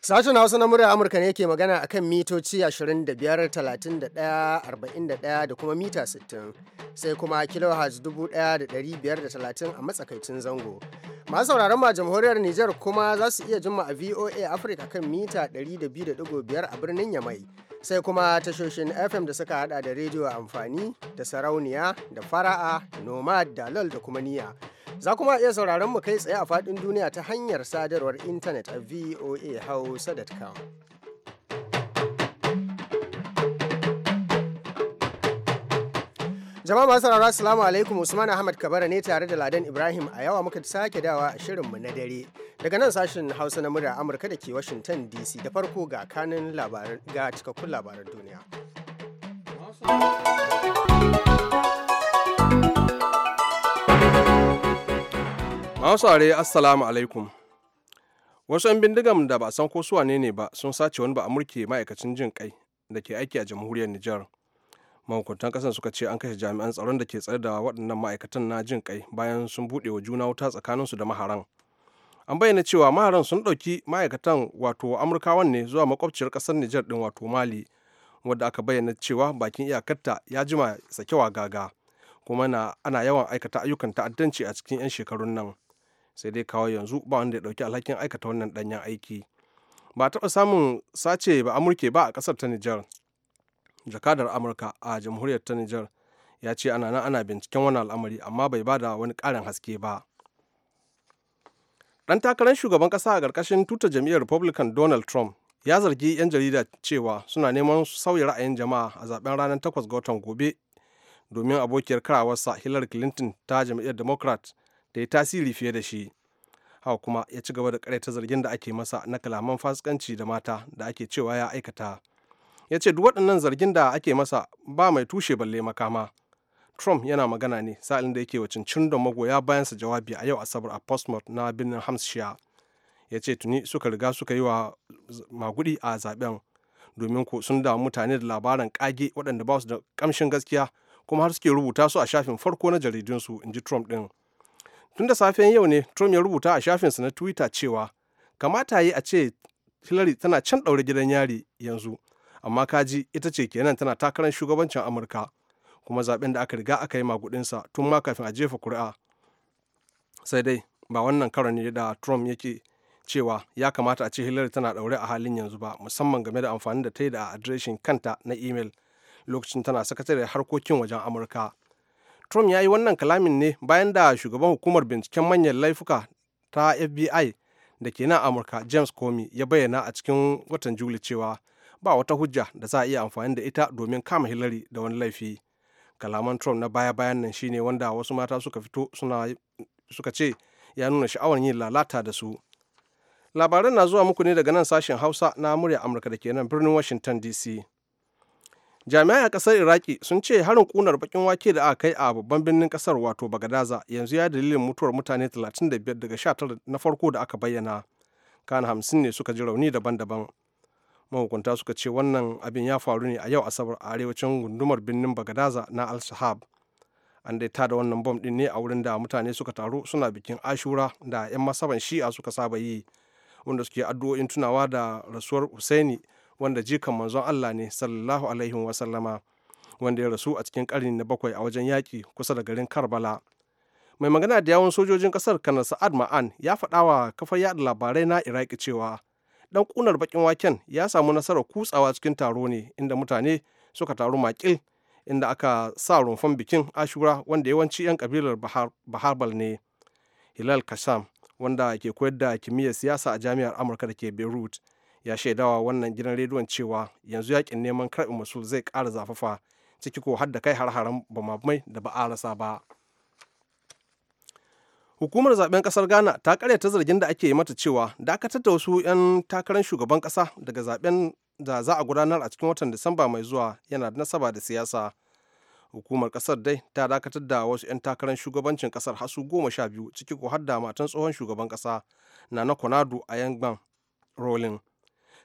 Sashen Hausa na murya Amurka ne ke magana a kan mitoci 25, 31, da kuma mita 60, sai kuma kilohertz 1530 a matsakaicin zango. Masu sauraron ma jamhuriyar Nijar kuma za su iya jima a VOA Africa kan mita 200.5 a birnin Yamai. sai kuma tashoshin fm da suka hada da rediyo amfani da sarauniya da fara'a nomad lal da kuma niya za kuma iya sauraron mu kai tsaye a fadin duniya ta hanyar sadarwar intanet a voa hausa.com Jama'a masu sauraro salamu alaikum Usman Ahmad Kabara ne tare da Ladan Ibrahim a yawa muka sake dawa a shirinmu na dare. Daga nan sashen Hausa na murya Amurka da ke Washington DC da farko ga kanin labaran ga cikakkun labaran duniya. Masu saurare Assalamu alaikum. Wasu 'yan bindigan da ba a san ko su ne ba sun sace wani ba Amurke ma'aikacin jin kai da ke aiki a jamhuriyar Nijar. mahukuntan kasan suka ce an kashe jami'an tsaron da ke tsare da waɗannan ma'aikatan na jin kai bayan sun buɗe wa juna wuta tsakaninsu da maharan an bayyana cewa maharan sun ɗauki ma'aikatan wato amurkawan ne zuwa makwabciyar ƙasar nijar ɗin wato mali wadda aka bayyana cewa bakin iyakarta ya jima sakewa gaga kuma na ana yawan aikata ayyukan ta'addanci a cikin 'yan shekarun nan sai dai kawo yanzu ba wanda ya ɗauki alhakin aikata wannan ɗanyen aiki ba a taɓa samun sace ba amurke ba a ƙasar ta nijar jakadar amurka a jamhuriyar ta niger ya ce ana nan ana binciken wani al'amari amma bai ba da wani karin haske ba dan takarar shugaban ƙasa a ƙarƙashin tuta jam'iyyar republican donald trump ya zargi 'yan jarida cewa suna neman sauya ra'ayin jama'a a zaben ranar 8 ga watan gobe domin abokiyar karawarsa hillary clinton ta jam'iyyar democrat da ya tasiri fiye da shi hawa kuma ya ci gaba da ta zargin da ake masa na kalaman fasikanci da mata da ake cewa ya aikata ya ce duk waɗannan zargin da ake masa ba mai tushe balle makama trump yana magana ne sa'ilin da yake wacin cin da magoya bayan sa jawabi a yau asabar a postmort na birnin hampshire ya ce tuni suka riga suka yi wa magudi a zaben domin ko sun da mutane da labaran kage waɗanda ba su da ƙamshin gaskiya kuma har suke rubuta su a shafin farko na jaridunsu in ji trump ɗin tun da safen yau ne trump ya rubuta a shafinsa na twitter cewa kamata yi a ce hillary tana can ɗaure gidan yari yanzu amma kaji ita ce kenan tana takarar shugabancin amurka kuma zaben da aka riga aka yi magudinsa tun ma kafin a jefa kuri'a sai dai ba wannan karon ne da trump yake cewa ya kamata a ce hillary tana daure a halin yanzu ba musamman game da amfani da ta yi da adireshin kanta na imel lokacin tana sakatare harkokin wajen amurka trump ya yi wannan kalamin ne bayan da shugaban hukumar binciken manyan laifuka ta fbi da ke nan amurka james comey ya bayyana a cikin watan juli cewa ba wata hujja da za a iya amfani da ita domin kama hillary da wani laifi kalaman trump na baya-bayan nan shine wanda wasu mata suka fito suka ce ya nuna sha'awar yin lalata da su labaran na zuwa muku ne daga nan sashen hausa na murya amurka da ke nan birnin washington dc jami'ai a kasar iraki sun ce harin kunar bakin wake da aka kai a babban birnin kasar wato bagadaza yanzu ya dalilin mutuwar mutane 35 daga 19 na farko da aka bayyana kan 50 ne suka ji rauni daban-daban mahukunta suka ce wannan abin ya faru ne a yau asabar a arewacin gundumar birnin bagadaza na al sahab an dai tada wannan bom din ne a wurin da mutane suka taru suna bikin ashura da 'yan masaban shi'a suka saba yi wanda suke addu'o'in tunawa da rasuwar husaini wanda jikan manzon allah ne sallallahu alaihi wasallama wanda ya rasu a cikin karni na bakwai a wajen yaƙi kusa da garin karbala mai magana da yawon sojojin ƙasar kanar sa'ad ma'an ya faɗa wa kafar yaɗa labarai na iraki cewa dan kunar bakin waken ya samu nasarar kutsawa cikin taro ne inda mutane suka taru makil inda aka sa rumfan bikin ashura wanda yawanci 'yan kabilar baharbal ne hilal kasham wanda ke koyar da kimiyyar siyasa a jami'ar amurka da ke beirut ya shaidawa wannan gidan rediyon cewa yanzu yakin neman karɓin masul zai ƙara zafafa ciki ko har da kai har-haren bamamai da ba a rasa ba. hukumar zaben kasar ghana ta karyata zargin da ake yi mata cewa dakatar da wasu 'yan takarar shugaban kasa daga zaben da za a gudanar a cikin watan disamba mai zuwa yana da nasaba da siyasa hukumar kasar dai ta dakatar da wasu 'yan takarar shugabancin kasar hasu goma sha biyu ciki ko har da matan tsohon shugaban kasa na na konado a yangban rolling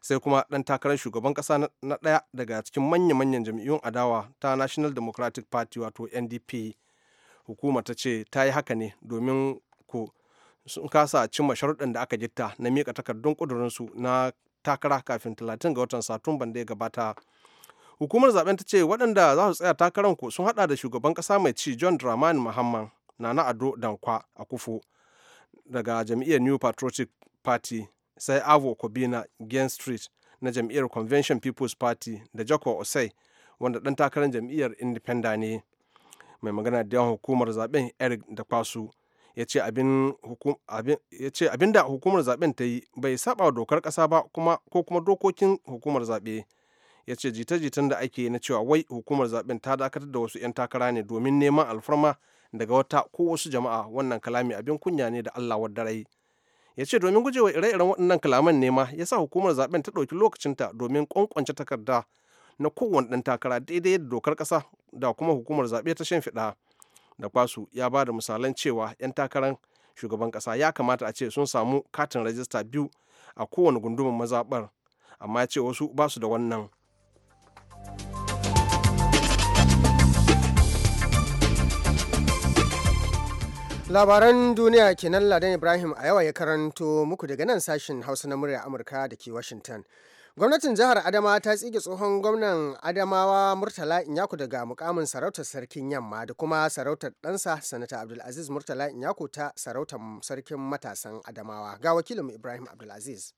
sai kuma ɗan takarar shugaban kasa na ɗaya daga cikin manya-manyan jam'iyyun adawa ta national democratic party wato ndp hukuma ta ce ta yi haka ne domin ku sun kasa cimma sharuɗan da aka gitta na miƙa takardun ƙudurinsu na takara kafin 30 ga watan satumban da ya gabata hukumar zaben ta ce waɗanda za su tsaya takarar ku sun haɗa da shugaban ƙasa mai ci john dramani mahamman nana ado dankwa a kufu daga jam'iyyar new patriotic party sai avo kobina gain street na jam'iyyar convention people's party da jacob osei wanda ɗan takarar jam'iyyar indifenda ne mai magana da yawan hukumar zaben eric da kwasu ya ce abin da hukumar zaben ta yi bai saba dokar kasa ba kuma ko kuma dokokin hukumar zaɓe ya ce jita-jitan da ake na cewa wai hukumar zaben ta dakatar da wasu 'yan takara ne domin neman alfarma daga wata ko wasu jama'a wannan kalami abin kunya ne da allah wadarai ya ce domin gujewa ire-iren waɗannan kalaman nema ya sa hukumar zaben ta ɗauki lokacinta domin ƙwanƙwance takarda na kowane ɗan takara daidai da dokar ƙasa da kuma hukumar zaɓe ta fiɗa da kwasu ya ba da misalan cewa 'yan takarar shugaban ƙasa ya kamata a ce sun samu katin rajista biyu a kowane gundumar mazaɓar amma ya ce wasu ba su da wannan labaran duniya kenan ladan ibrahim a yawa ya karanto muku daga nan sashen hausa na murya amurka da ke washington gwamnatin jihar adamawa ta tsige tsohon gwamnan adamawa murtala inyako daga mukamin sarautar sarkin yamma da kuma sarautar ɗansa sanata abdulaziz murtala inyako ta sarautar sarkin matasan adamawa ga wakilin ibrahim abdulaziz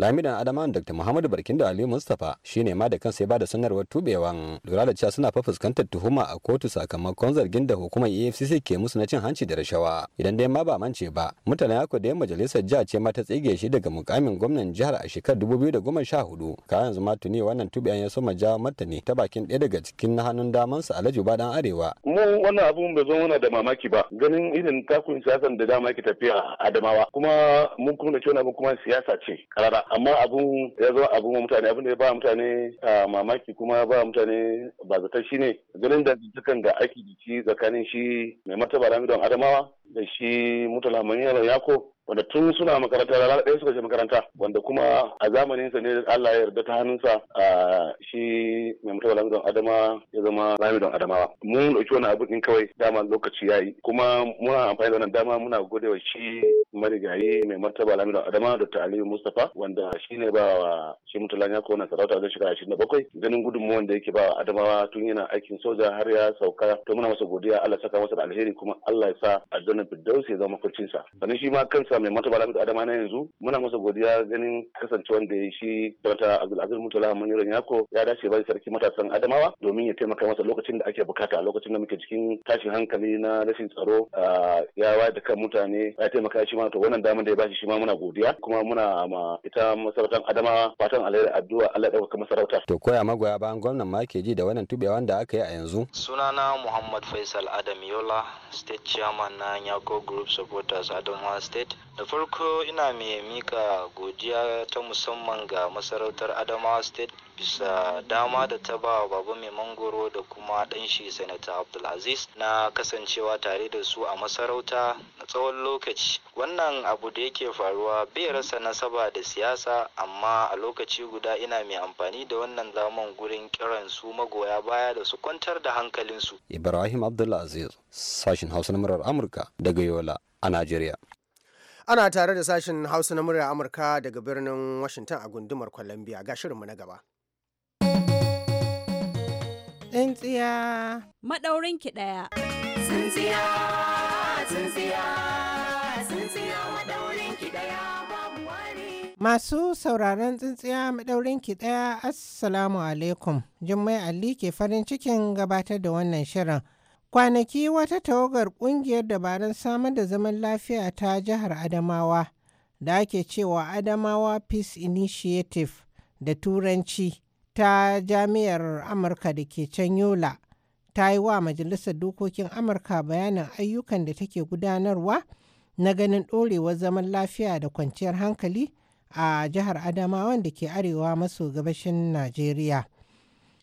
lamidan adama dr muhammadu da ali mustapha shine ma da kansa ya bada sanarwar tubewan lura da cewa suna fa fuskantar tuhuma a kotu sakamakon zargin da hukumar efcc ke musu na cin hanci da rashawa idan dai ma ba mance ba mutanen yako da majalisar jiha ce ma ta tsige shi daga mukamin gwamnan jihar a shekarar 2014 kayan yanzu ma tuni wannan tubiyan ya soma jawo martani ta bakin ɗaya daga cikin na hannun damansa alhaji dan arewa. mu wannan abun bai zo muna da mamaki ba ganin irin takun siyasan da dama ke tafiya adamawa kuma mun kuma da cewa kuma siyasa ce karara amma abun ya zama abun mutane abin da ya ba mutane mamaki kuma ba mutane ba zata shine ganin da dukkan da ake jiki tsakanin shi mai martaba ramidon adamawa da shi mutala manyar yako wanda tun suna makaranta rana ɗaya suka je makaranta wanda kuma a zamaninsa ne Allah ya yarda ta hannunsa a shi mai mutuwa lamidon adama ya zama don adamawa mun ɗauki wani abu ɗin kawai dama lokaci ya yi kuma muna amfani da wannan dama muna gode wa shi marigayi mai martaba don adama dr aliyu mustapha wanda shi ne ba wa shi mutulan ya kona sarauta zai shekara ashirin da bakwai ganin gudunmuwan da yake ba wa adamawa tun yana aikin soja har ya sauka to muna masa godiya Allah saka masa da alheri kuma Allah ya sa a zanen Fiddausi ya zama mafarkinsa sannan shi ma kansa mai martaba adama na yanzu muna masa godiya ganin kasancewar da shi dr abdulaziz mutala muniran yako ya dace bai sarki matasan adamawa domin ya taimaka masa lokacin da ake bukata a lokacin da muke cikin tashin hankali na rashin tsaro ya wayar da kan mutane ya taimaka shi ma to wannan damar da ya bashi shi ma muna godiya kuma muna ma ita masarautar adamawa fatan alheri addu'a Allah ya masarauta. to koya magoya bayan gwamnan ma ke ji da wannan tubewan da aka yi a yanzu sunana Muhammad Faisal Adam Yola state chairman na Nyako Group Supporters Adamawa State da farko ina mai mika godiya ta musamman ga masarautar adamawa state bisa dama da ta ba baba mai mangoro da kuma ɗan shi sanata abdulaziz na kasancewa tare da su a masarauta na tsawon lokaci wannan abu da yake faruwa bai rasa nasaba da siyasa amma a lokaci guda ina mai amfani da wannan zaman gurin kiran su magoya baya da su kwantar da hankalinsu ibrahim abdulaziz sashin hausa na murar amurka daga yola a najeriya Ana tare da sashen Hausa na murya Amurka daga birnin Washington a gundumar Columbia ga shirinmu na gaba. Tsintsiya. Maɗaurin ki ɗaya. Tsintsiya, tsintsiya, tsintsiya maɗaurin ki ɗaya babu wani. Masu sauraron tsintsiya maɗaurin ki ɗaya Assalamu alaikum. Jummai Ali ke farin cikin gabatar da wannan shirin. Kwanaki wata tawagar ƙungiyar dabarun samar da zaman lafiya ta jihar Adamawa da ake cewa Adamawa Peace Initiative da Turanci ta Jami'ar Amurka da ke can Yola ta yi wa Majalisar Dokokin Amurka bayanin ayyukan da take gudanarwa na ganin ɗorewar zaman lafiya da kwanciyar hankali a jihar Adamawa da ke arewa maso gabashin Najeriya.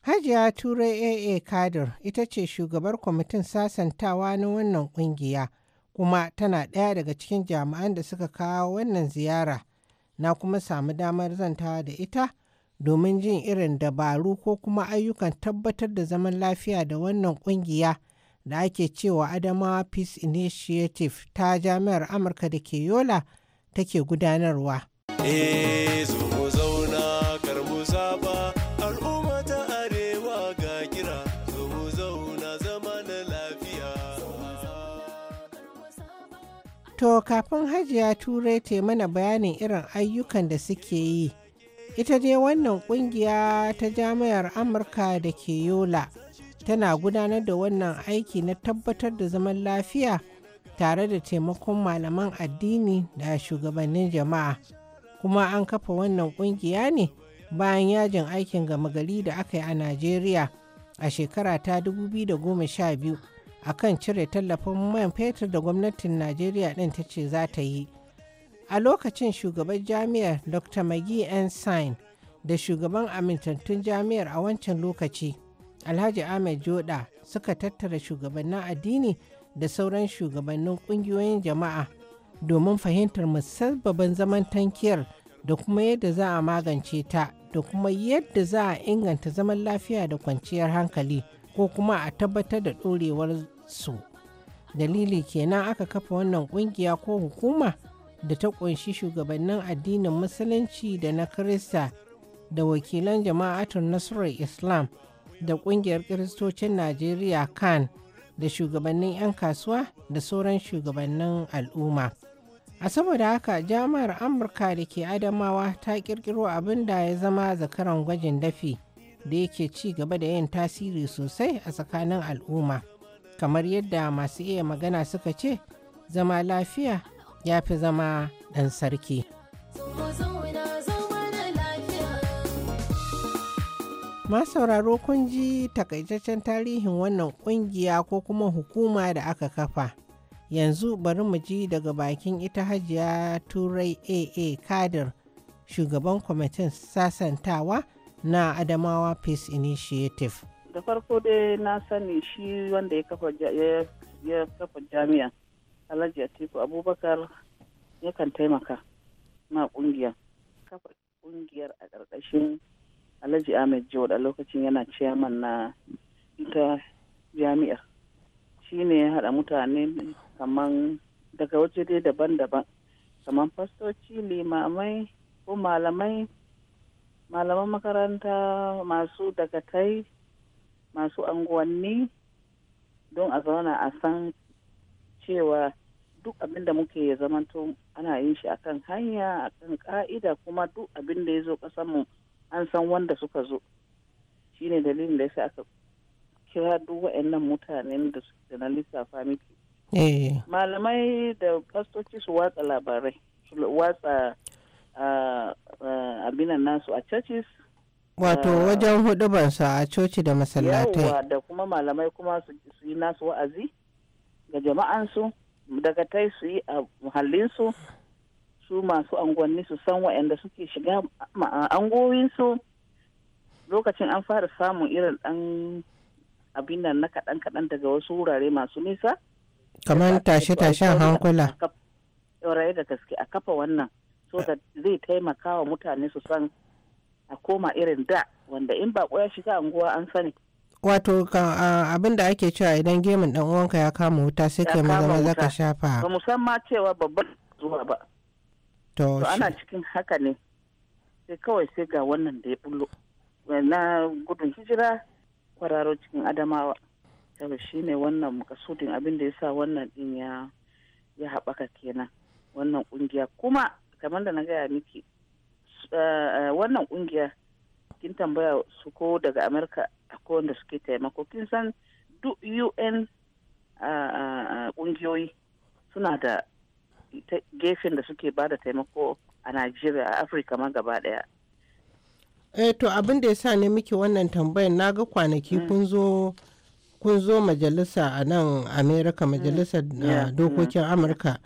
Hajiya Turai AA Kadir ita ce shugabar kwamitin sasantawa na wannan kungiya kuma tana ɗaya daga cikin jami'an da suka kawo wannan ziyara. Na kuma samu damar zantawa da ita domin jin irin dabaru ko kuma ayyukan tabbatar da zaman lafiya da wannan kungiya da ake cewa Adamawa Peace Initiative ta Jami'ar Amurka da ke Yola take gudanarwa. Ezo. To kafin hajiya turai ta mana bayanin irin ayyukan da suke yi. Ita dai wannan kungiya ta jami'ar Amurka da ke Yola tana gudanar da wannan aiki na tabbatar da zaman lafiya tare da taimakon malaman addini da shugabannin jama'a. Kuma an kafa wannan kungiya ne bayan yajin aikin gama gari da aka yi a Najeriya a shekara ta 2012. akan cire tallafin man fetur da gwamnatin najeriya ɗin ta ce za ta yi a lokacin shugaban jami'ar dr magi ensign da shugaban amintattun jami'ar a wancan lokaci alhaji ahmed joda suka tattara shugabannin addini da sauran shugabannin ƙungiyoyin jama'a domin fahimtar musabbabin zaman tankiyar da kuma yadda za a magance ta da kuma yadda za a inganta zaman lafiya da kwanciyar hankali ko kuma a tabbatar da ɗorewar su dalili kenan aka kafa wannan kungiya ko hukuma da ta kunshi shugabannin addinin musulunci da na kirista da wakilan jama'atun nasarar islam da kungiyar kiristocin najeriya kan da shugabannin 'yan kasuwa da sauran shugabannin al'umma a saboda haka jami'ar amurka da ke adamawa ta kirkiro abin da ya zama zakaran gwajin dafi da yake ci gaba da yin tasiri sosai a tsakanin al'umma. kamar yadda masu iya magana suka ce zama lafiya ya fi zama ɗan sarki. Ma sauraro kun ji takaitaccen tarihin wannan kungiya ko kuma hukuma da aka kafa. Yanzu bari mu ji daga bakin ita hajiya Turai AA Kadir, shugaban kwamitin sasantawa na Adamawa Peace Initiative. da farko dai na sani shi wanda ya kafa jami'a alhaji atiku abubakar yakan taimaka ma kungiya kafa kungiyar a ƙarƙashin alhaji ahmed jawad a lokacin yana ciyaman na ita jami'ar shi ne ya haɗa mutane kaman daga waje dai daban-daban kaman fastoci limamai ko malamai malaman makaranta masu dagatai masu anguwanni don a zauna a san cewa duk abin da muke ya zamanto ana yin shi akan hanya akan ka'ida kuma duk abin da ya zo kasanmu an san wanda suka zo shine dalilin da yasa aka kira duk waɗannan mutanen da na lissafa miki eh. malamai da fastoci su watsa labarai su watsa ah, ah, abinan nasu a churches wato eh, wajen hudubarsa a coci da masallatai yawa da kuma malamai kuma su yi nasu wa'azi ga jama'ansu daga tai su yi a muhallinsu su masu angonni su san wa'anda suke shiga angoyinsu lokacin an fara samun irin ɗan abin nan na kaɗan-kaɗan daga wasu wurare masu nisa kamar tashe-tashen hankula yawarai da gaske a kafa wannan so da eh. zai taimaka wa mutane su san a koma irin da wanda in ba ya shiga anguwa an sani wato abin da ake cewa idan gemun dan uwanka ya kama wuta sai ke maza maza ka shafa ba musamman cewa babban zuwa ba to ana cikin haka ne sai kawai sai ga wannan da ya bullo na gudun hijira kwararo cikin adamawa yau shi ne wannan makasudin abin da ya sa wannan din ya haɓaka kenan wannan ƙungiya kuma kamar da na gaya miki Eh, wannan kungiya kin tambaya su ko daga amurka ko wanda suke taimako kin san duk un kungiyoyi eh, suna da gefen da suke ba da taimako a nigeria a afirka ma gaba daya eh to abin da ya sa ne miki wannan tambayar na ga kwanaki mm. kun zo kun zo majalisa a nan amerika mm. majalisar eh, dokokin mm. amurka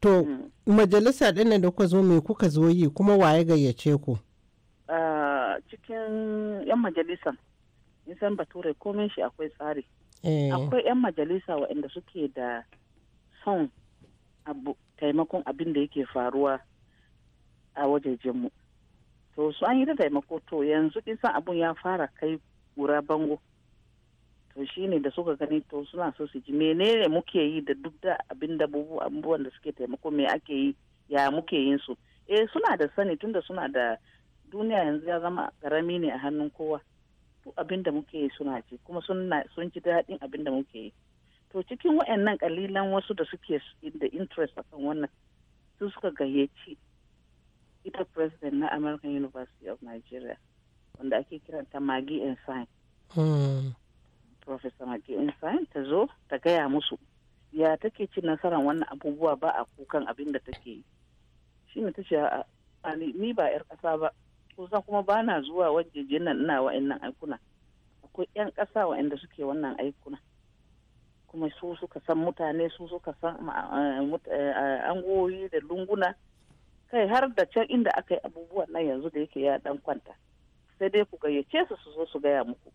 To, mm. majalisa ɗin da kuka zo mai kuka zo yi kuma waye gayyace ku? Ah, cikin 'yan majalisa, nisan bature komai shi akwai tsari. Eh. Akwai 'yan majalisa waɗanda suke da son taimakon abin da yake faruwa a wajejenmu. To, su an yi da taimako to yanzu san abun ya fara kai gura bango. to shi ne da suka gani to suna so su ji menene muke yi da duk da abin da abubuwan da suke taimako me ake yi ya muke yin su eh suna da sani tunda suna da duniya yanzu ya zama karami ne a hannun kowa duk abin da muke yi suna ji kuma sun ji daɗin abin da muke yi to cikin waɗannan kalilan wasu da suke da interest akan wannan su suka gayyaci ita president na american university of nigeria wanda ake kiranta magi and sign hmm. Professor Maki'in Sa'in ta zo ta gaya musu ya take cin nasarar wannan abubuwa ba a kukan abin da take yi. Shi ne ta ce ni ba 'yar ƙasa ba kusa kuma ba na zuwa wajen jinnan ina wa'annan aikuna. Akwai 'yan ƙasa wa'anda suke wannan aikuna. Kuma su suka san mutane su suka san eh, eh, angoyi da lunguna. Kai har da can inda aka yi abubuwan nan yanzu da yake ya dan kwanta. Sai dai ku gayyace su su zo su gaya muku.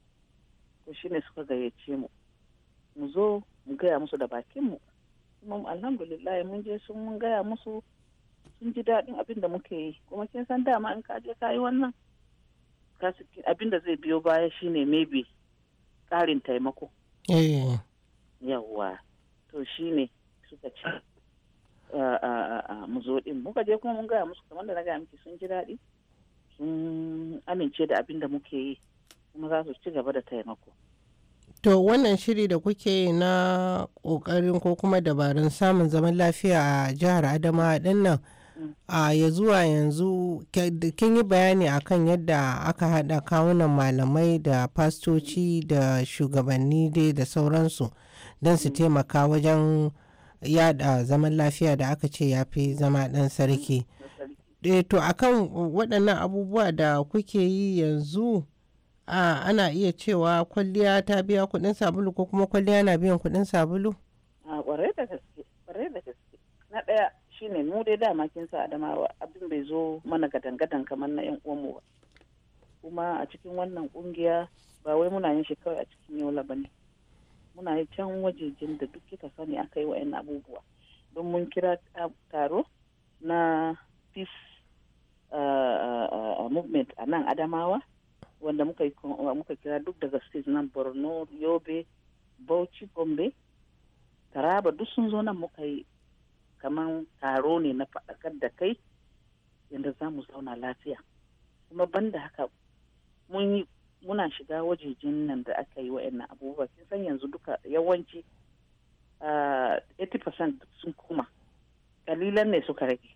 ne suka gayyace mu mu zo mu gaya musu da bakinmu kuma alhamdulillah mun je sun mun gaya musu sun ji daɗin abin da muke yi kuma kin san dama in ka je ka yi wannan abin da zai biyo baya shine maybe ƙarin taimako eh. yawwa to shi ne suka ce mu zo ɗin muka je kuma mun gaya musu kamar da na gaya miki sun ji daɗi sun amince da abin da muke yi kuma za su ci gaba da taimako To wannan shiri da kuke na ƙoƙarin ko kuma dabarun samun zaman lafiya a jihar Adama, din nan mm. a ya zuwa yanzu kin yi bayani akan yadda aka haɗa kawunan malamai da fastoci da shugabanni dai da sauransu don su mm. taimaka wajen yada zaman lafiya da aka ce ya fi zama ɗan sarki. Mm, eh, to akan waɗannan abubuwa da kuke yi yanzu. a ana iya cewa kwalliya ta biya kuɗin sabulu ko kuma kwalliya na biyan kuɗin sabulu? a kwarai da gaske kwarai da gaske na ɗaya shine mu dai dama kin sa adamawa abin bai zo mana gadan-gadan kamar na yan uwanmu ba kuma a cikin wannan ƙungiya ba wai muna yin shi kawai a cikin yola ba ne muna yi can wajejin da duk kika sani aka yi wa'in abubuwa don mun kira taro na peace movement a nan adamawa wanda muka kira duk daga state nan borno yobe bauchi gombe taraba duk sun zo nan muka yi kamar taro ne na faɗakar da kai yadda za mu zauna lafiya kuma banda haka mun yi muna shiga wajejin nan da aka yi wa'annan abubuwa kin san yanzu duka yawanci uh, 80% sun koma kalilan ne suka rage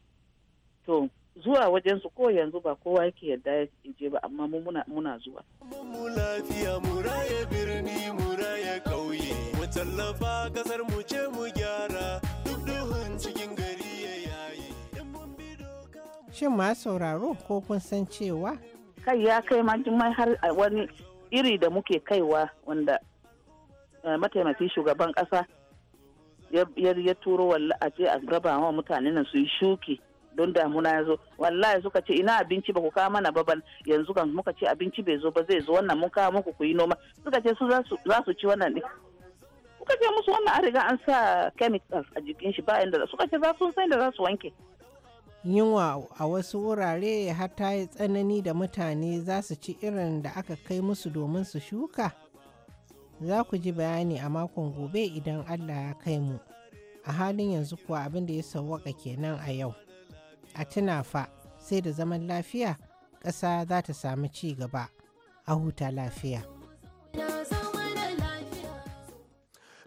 to zuwa wajen su ko yanzu ba kowa yake yadda ya je ba amma mu muna muna zuwa mu lafiya mu raye birni mu raye kauye mu tallafa kasar mu ce mu gyara duk duhun cikin gari ya yayi shin ma sauraro ko kun san cewa kai ya kai ma mai har wani iri da muke kaiwa wanda eh, mataimakin shugaban kasa ya turo walla a ce a raba wa mutane nan su yi shuki don damuna ya zo wallahi suka ce ina abinci ba ku kawo mana ba ban yanzu kan muka ce abinci bai zo ba zai zo wannan mun kawo muku ku yi noma suka ce su za su ci wannan ɗin suka ce musu wannan an riga an sa chemicals a jikin shi ba inda suka ce za su san da za su wanke yunwa a wasu wurare har ta yi tsanani da mutane za su ci irin da aka kai musu domin su shuka za ku ji bayani a makon gobe idan allah ya kai mu a halin yanzu kuwa abin da ya sauwaka kenan a yau a tuna fa sai da zaman lafiya ƙasa za ta samu ci gaba a huta lafiya.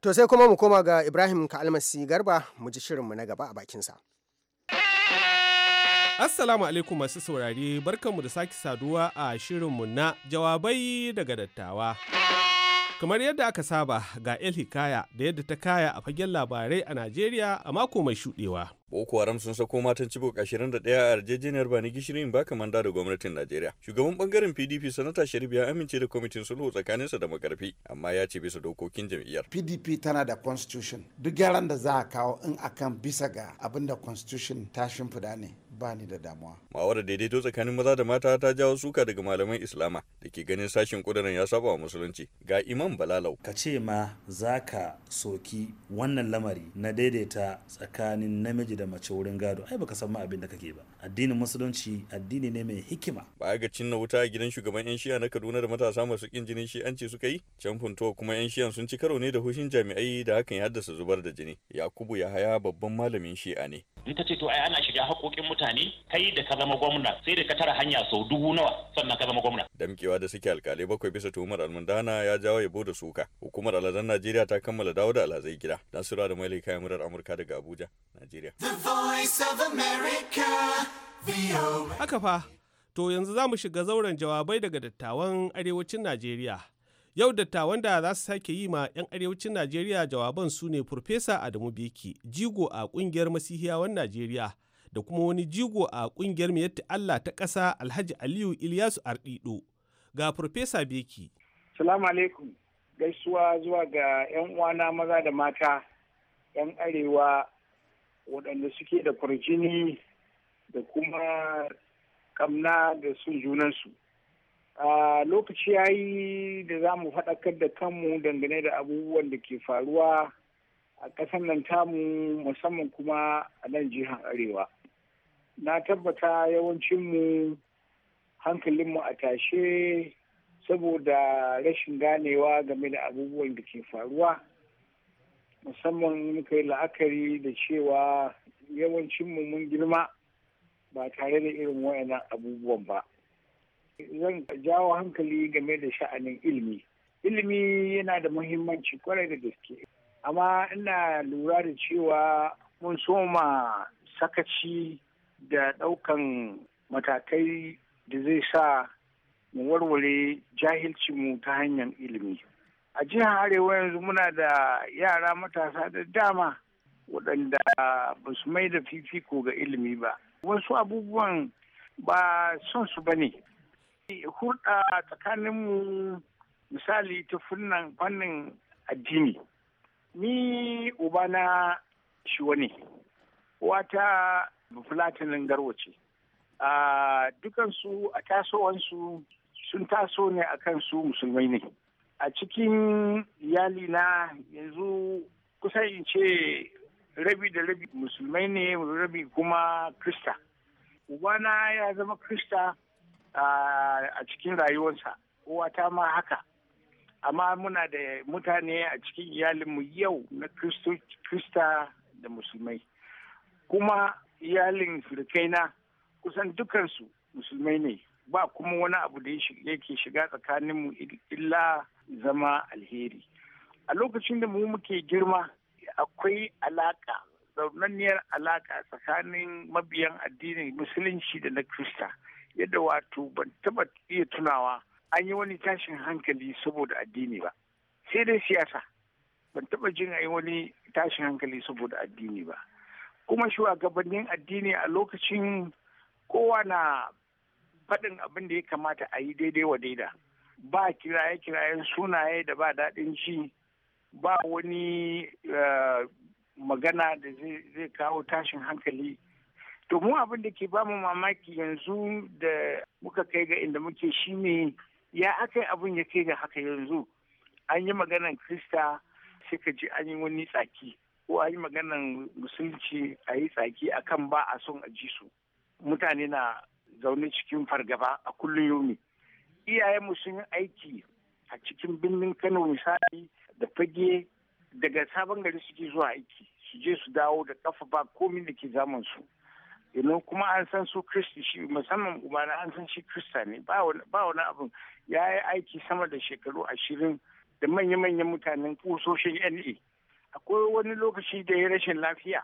To sai kuma mu koma ga Ibrahim Ka'almasi Garba mu ji shirinmu na gaba a bakinsa. Assalamu alaikum masu saurari barkanmu da sake saduwa a shirinmu na jawabai daga dattawa. Kamar yadda aka saba ga El Hikaya da yadda ta kaya a fagen labarai a Najeriya a mako mai shuɗewa. Boko Haram sun sako matan da 21 a yarjejeniyar Bani Gishirin ba kamanda da gwamnatin Najeriya. Shugaban bangaren PDP Sanata Sharif ya amince da kwamitin sulhu tsakaninsa da makarfi amma ya ce bisa dokokin jam'iyyar. PDP tana da constitution duk gyaran da za a kawo in akan bisa ga abin da constitution ta shimfida ne ba ni da damuwa. Ma'awar daidaito tsakanin maza da mata ta jawo suka daga malaman Islama da ke ganin sashen kudurin ya saba wa musulunci ga Imam Balalau. Ka ce ma za ka soki wannan lamari na daidaita tsakanin namiji da mace wurin gado ai baka san ma abin da kake ba. addinin musulunci addini ne mai hikima ba ga cinna wuta a gidan shugaban yan shiya na kaduna da matasa masu kin jinin shi an ce suka yi can funto kuma yan shiyan sun ci karo ne da hushin jami'ai da hakan ya haddasa zubar da jini yakubu ya haya babban malamin shi'a ne in ka ce to ai ana shiga haƙoƙin mutane kai da ka zama gwamna sai da ka tara hanya sau dubu nawa sannan ka zama gwamna damkewa da suke alkalai bakwai bisa tuhumar almundana ya jawo yabo da suka hukumar aladen najeriya ta kammala dawo da alhazai gida nasura da mailai kayan murar amurka daga abuja najeriya Haka fa, to yanzu za mu shiga zauren jawabai daga dattawan arewacin Najeriya. Yau dattawan da za su sake yi ma 'yan arewacin Najeriya jawaban su ne Furfesa Adamu Beki, jigo a ƙungiyar Masihiyawan Najeriya, da kuma wani jigo a ƙungiyar Miyatta Allah ta ƙasa Alhaji Aliyu Ilyasu Arɗiɗo. Ga furfesa Beki. Salamu alaikum. Gaisuwa zuwa ga 'yan uwana maza da mata, 'yan arewa waɗanda suke da kwarjini da kuma kamna da sun junansu a lokaci ya yi da za mu faɗakar da kanmu dangane da abubuwan da ke faruwa a ƙasar nan tamu musamman kuma a nan jihar arewa na tabbata yawancinmu hankalinmu a tashe saboda rashin ganewa game da abubuwan da ke faruwa musamman muka yi la'akari da cewa yawancinmu mun girma ba tare da irin wayannan abubuwan ba zan jawo hankali game da sha'anin ilimi ilimi yana da muhimmanci kwarai da gaske amma ina lura da cewa mun soma sakaci da ɗaukan matakai da zai sa mu warware mu ta hanyar ilimi a jihar arewa yanzu muna da yara matasa da dama waɗanda ba su mai da fifiko ga ilimi ba wasu abubuwan ba son su ba ne hurɗa tsakaninmu misali ta fannin addini ni ubana shi wani wata fulatinin garwace A dukansu a tasowansu sun taso ne a kansu musulmai ne a cikin iyalina, yanzu kusan in ce rabi da rabi musulmai ne rabi kuma krista ubana ya zama krista a cikin rayuwarsa uwata ma haka amma muna da mutane a cikin iyalinmu yau na krista da musulmai kuma iyalin firkaina kusan dukansu musulmai ne ba kuma wani abu da yake shiga tsakaninmu illa zama alheri a lokacin da mu muke girma akwai alaka zaunanniyar alaka tsakanin mabiyan addinin musulunci da na krista yadda wato ban taba iya tunawa an yi wani tashin hankali saboda addini ba sai dai siyasa ban taba jin a wani tashin hankali saboda addini ba kuma shugabannin addini a lokacin kowa na faɗin abin da ya kamata a yi daidai wa daida ba kiraye kirayen sunaye da ba daɗin ci ba wani eh, magana da zai kawo tashin hankali to mu abin da ke bamu mamaki yanzu da muka kai ga inda muke shi ne ya aka yi abin ya kai ga haka yanzu an yi maganan krista sai ka ji an yi wani tsaki ko an yi maganan musulunci a yi tsaki akan ba a son a ji su mutane na zaune cikin fargaba a kullum iyayen iyayenmu sun yi aiki a cikin birnin kano misali da fage daga sabon gari suke zuwa aiki su je su dawo da kafa ba komi da ke zamansu su domin kuma an san su kristi shi musamman umarna an san shi krista ne ba wani abin ya yi aiki sama da shekaru ashirin da manya-manyan mutanen kusoshin na akwai wani lokaci da ya rashin lafiya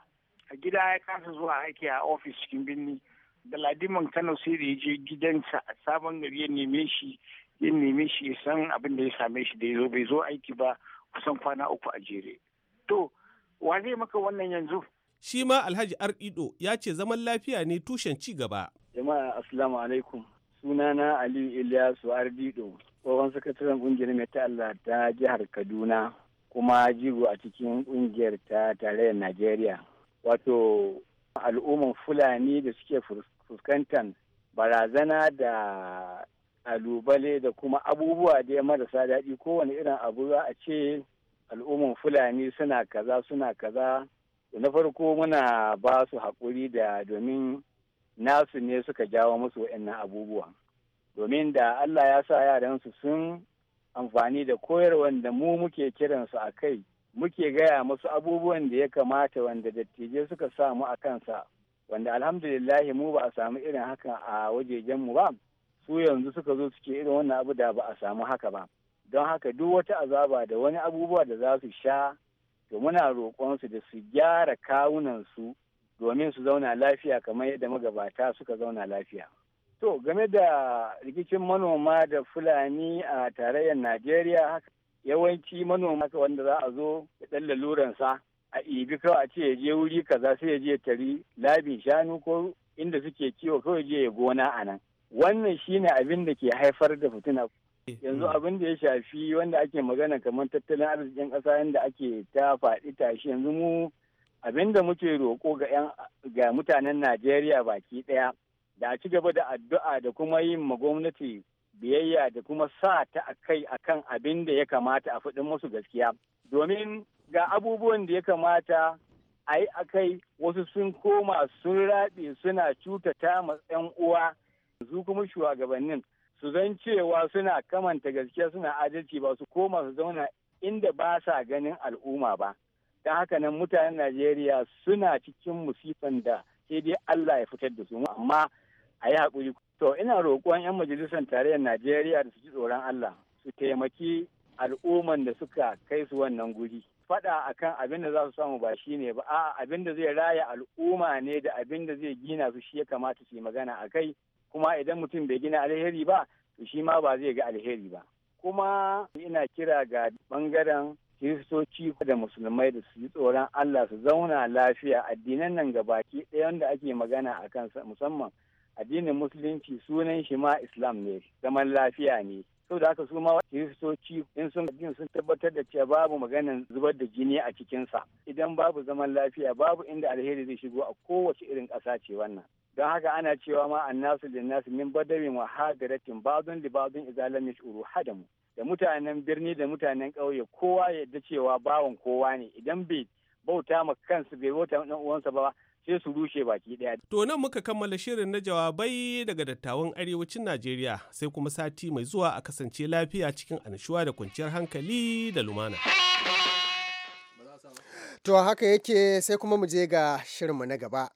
a gida ya kasa zuwa aiki a ofis cikin birni da ladiman kano sai da ya je gidansa a sabon gari ya neme shi ya neme shi ya san abin da ya same shi da ya zo bai zo aiki ba kusan kwana uku a jere. To, wa zai maka wannan yanzu? Shi ma Alhaji Ardido ya ce zaman lafiya ne tushen ci gaba. Jama'a Assalamu alaikum. Sunana Aliyu Ilyasu Ardido, tsohon sakataren ƙungiyar mai ta Allah ta jihar Kaduna, kuma jigo a cikin ƙungiyar ta tarayyar Najeriya. Wato, al'umman Fulani da suke fuskantar barazana da kalubale da kuma abubuwa da ya marasa daɗi kowane irin abu za a ce al'umman fulani suna kaza suna kaza na farko muna ba su haƙuri da domin nasu ne suka jawo musu wa'annan abubuwa domin da allah ya sa yaransu sun amfani da koyarwar da mu muke kiransu a kai muke gaya musu abubuwan da ya kamata wanda dattijai suka samu a kansa wanda alhamdulillahi mu ba a samu irin haka a wajejenmu ba su yanzu suka zo suke irin wannan abu da ba a samu haka ba don haka duk wata azaba da wani abubuwa da za su sha to muna roƙonsu da su gyara kawunan su domin su zauna lafiya kamar yadda magabata suka zauna lafiya. To game da rikicin manoma da Fulani a tarayyar Najeriya yawanci manoma wanda za a zo ya ɗan sa a ibi kawai a ce ya je wuri kaza sai ya je tari labin shanu ko inda suke kiwo kawai je ya gona a nan. wannan shine abin da ke haifar da fitina eh, yanzu mm. abin da ya shafi wanda ake magana kamar tattalin arzikin ƙasa yadda ake ta faɗi tashi yanzu mu abin da muke roƙo ga mutanen najeriya baki ɗaya da a ci gaba da addu'a da kuma yin ma gwamnati biyayya da kuma sa ta a kai a kan abin da ya kamata a faɗin musu gaskiya domin ga abubuwan da ya kamata a yi a kai wasu sun koma sun raɓe suna cutata ma 'yan uwa su kuma shugabannin su zan cewa suna kamanta gaskiya suna adalci ba su koma su zauna inda ba sa ganin al'umma ba ta haka nan mutanen najeriya suna cikin musifan da sai dai allah ya fitar da su amma a yi haƙuri to ina roƙon 'yan majalisar tarayyar najeriya da su ji tsoron allah su taimaki al'umman da suka kai su wannan guri faɗa akan abin da za su samu ba shi ne ba a abin da zai raya al'umma ne da abin da zai gina su shi ya kamata su yi magana a kai kuma idan mutum bai gina alheri ba to shi ma ba zai ga alheri ba kuma ina kira ga bangaren kiristoci da musulmai da su yi tsoron Allah su zauna lafiya addinan nan ga baki ɗayan da ake magana a kan musamman addinin musulunci sunan shi ma islam ne zaman lafiya ne da haka su ma kiristoci in sun jin sun tabbatar da cewa babu maganan zubar da jini a cikinsa idan babu zaman lafiya babu inda alheri zai shigo a kowace irin ƙasa ce wannan don haka ana cewa ma annasu da nasu min badawin wa hadiratin bazun da bazun izalam yashuru hadamu da mutanen birni da mutanen ƙauye kowa ya yadda cewa bawan kowa ne idan bai bauta ma kansu bai bauta ma uwansa ba sai su rushe baki daya. To nan muka kammala shirin na jawabai daga dattawan arewacin Najeriya sai kuma sati mai zuwa a kasance lafiya cikin annashuwa da kwanciyar hankali da lumana. To haka yake sai kuma mu je ga shirin mu na gaba.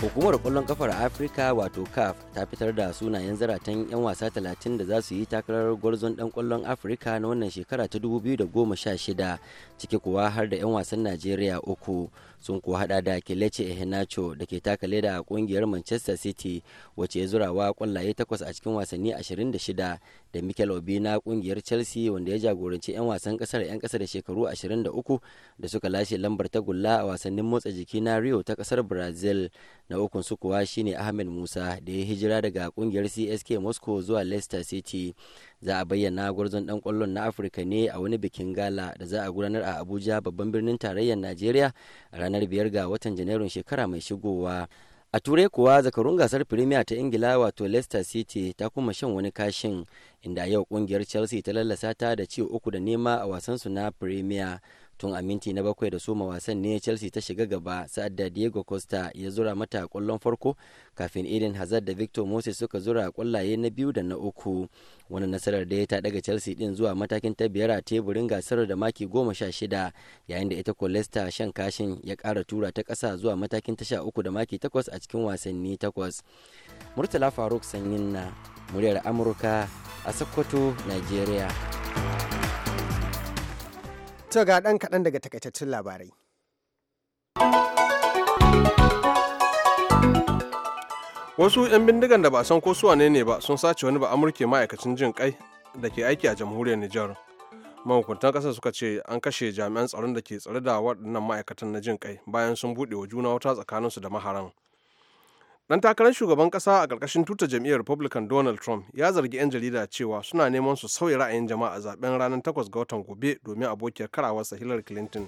hukumar kwallon kafar afirka wato caf ta fitar da sunayen zaratan 'yan wasa 30 da za su yi takarar gwarzon dan kwallon afirka na wannan shekara ta 2016 ciki kuwa har da 'yan wasan najeriya uku sun kuwa hada da kelechi Ehenacho da ke taka leda a kungiyar manchester city wacce ya zurawa kwallaye takwas a cikin wasanni 26 da Mikel Obi kungiyar Chelsea wanda ya jagoranci 'yan wasan kasar 'yan kasa da shekaru 23 da suka lashe lambar tagulla a wasannin motsa jiki na Rio ta kasar Brazil na ukun su kuwa shine Ahmed Musa da ya hijira daga kungiyar CSK Moscow zuwa Leicester City za a bayyana gwarzon dan kwallon na Afirka ne a wani bikin gala da za a gudanar a Abuja babban birnin tarayyar Najeriya a ranar 5 ga watan Janairun shekara mai shigowa a turai kuwa zakarun gasar firimiya ta ingila wato leicester city ta kuma shan wani kashin inda yau kungiyar chelsea ta lallasa ta da ci uku da nema a wasansu na firimiya tun a minti na bakwai da soma wasan ne chelsea ta shiga gaba sa'ad da diego costa ya zura mata kwallon farko kafin eden hazard da victor moses suka zura kwallaye na biyu da na uku wani nasarar da ya ta daga chelsea din zuwa matakin ta biyar a teburin gasar da maki goma sha shida yayin da ita colesta shan kashin ya kara tura ta kasa zuwa matakin ta sha uku da maki takwas a cikin wasanni takwas murtala faruk sanyin na muryar amurka a sokoto nigeria To ga ɗan kaɗan daga takaitattun labarai. Wasu 'yan bindigan da ba san ko su ne ba sun sace wani ba amurke ma'aikacin jin kai da ke aiki a jamhuriyar Nijar. Mahukuntan ƙasar suka ce an kashe jami'an tsaron da ke tsare da waɗannan ma'aikatan na jin kai bayan sun buɗe wa juna wata tsakaninsu da maharan. dan takarar shugaban kasa a karkashin tuta jam'iyyar republican donald trump ya zargi 'yan jarida cewa suna neman su sauya ra'ayin jama'a a zaben ranar 8 ga watan gobe domin abokiyar karawarsa hillary clinton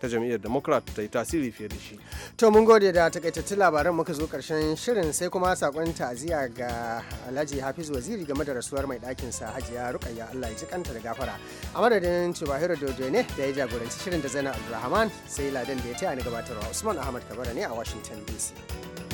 ta jam'iyyar democrat ta yi tasiri fiye da shi to mun gode da takaitattun labaran muka zo karshen shirin sai kuma sakon ta'aziyya ga alhaji hafiz waziri game da rasuwar mai ɗakin sa hajiya rukayya allah ya ji kanta da gafara a madadin cibahiro dodo ne da ya jagoranci shirin da zainab abdulrahman sai ladan da ya taya ni gabatarwa usman ahmad kabara ne a washington dc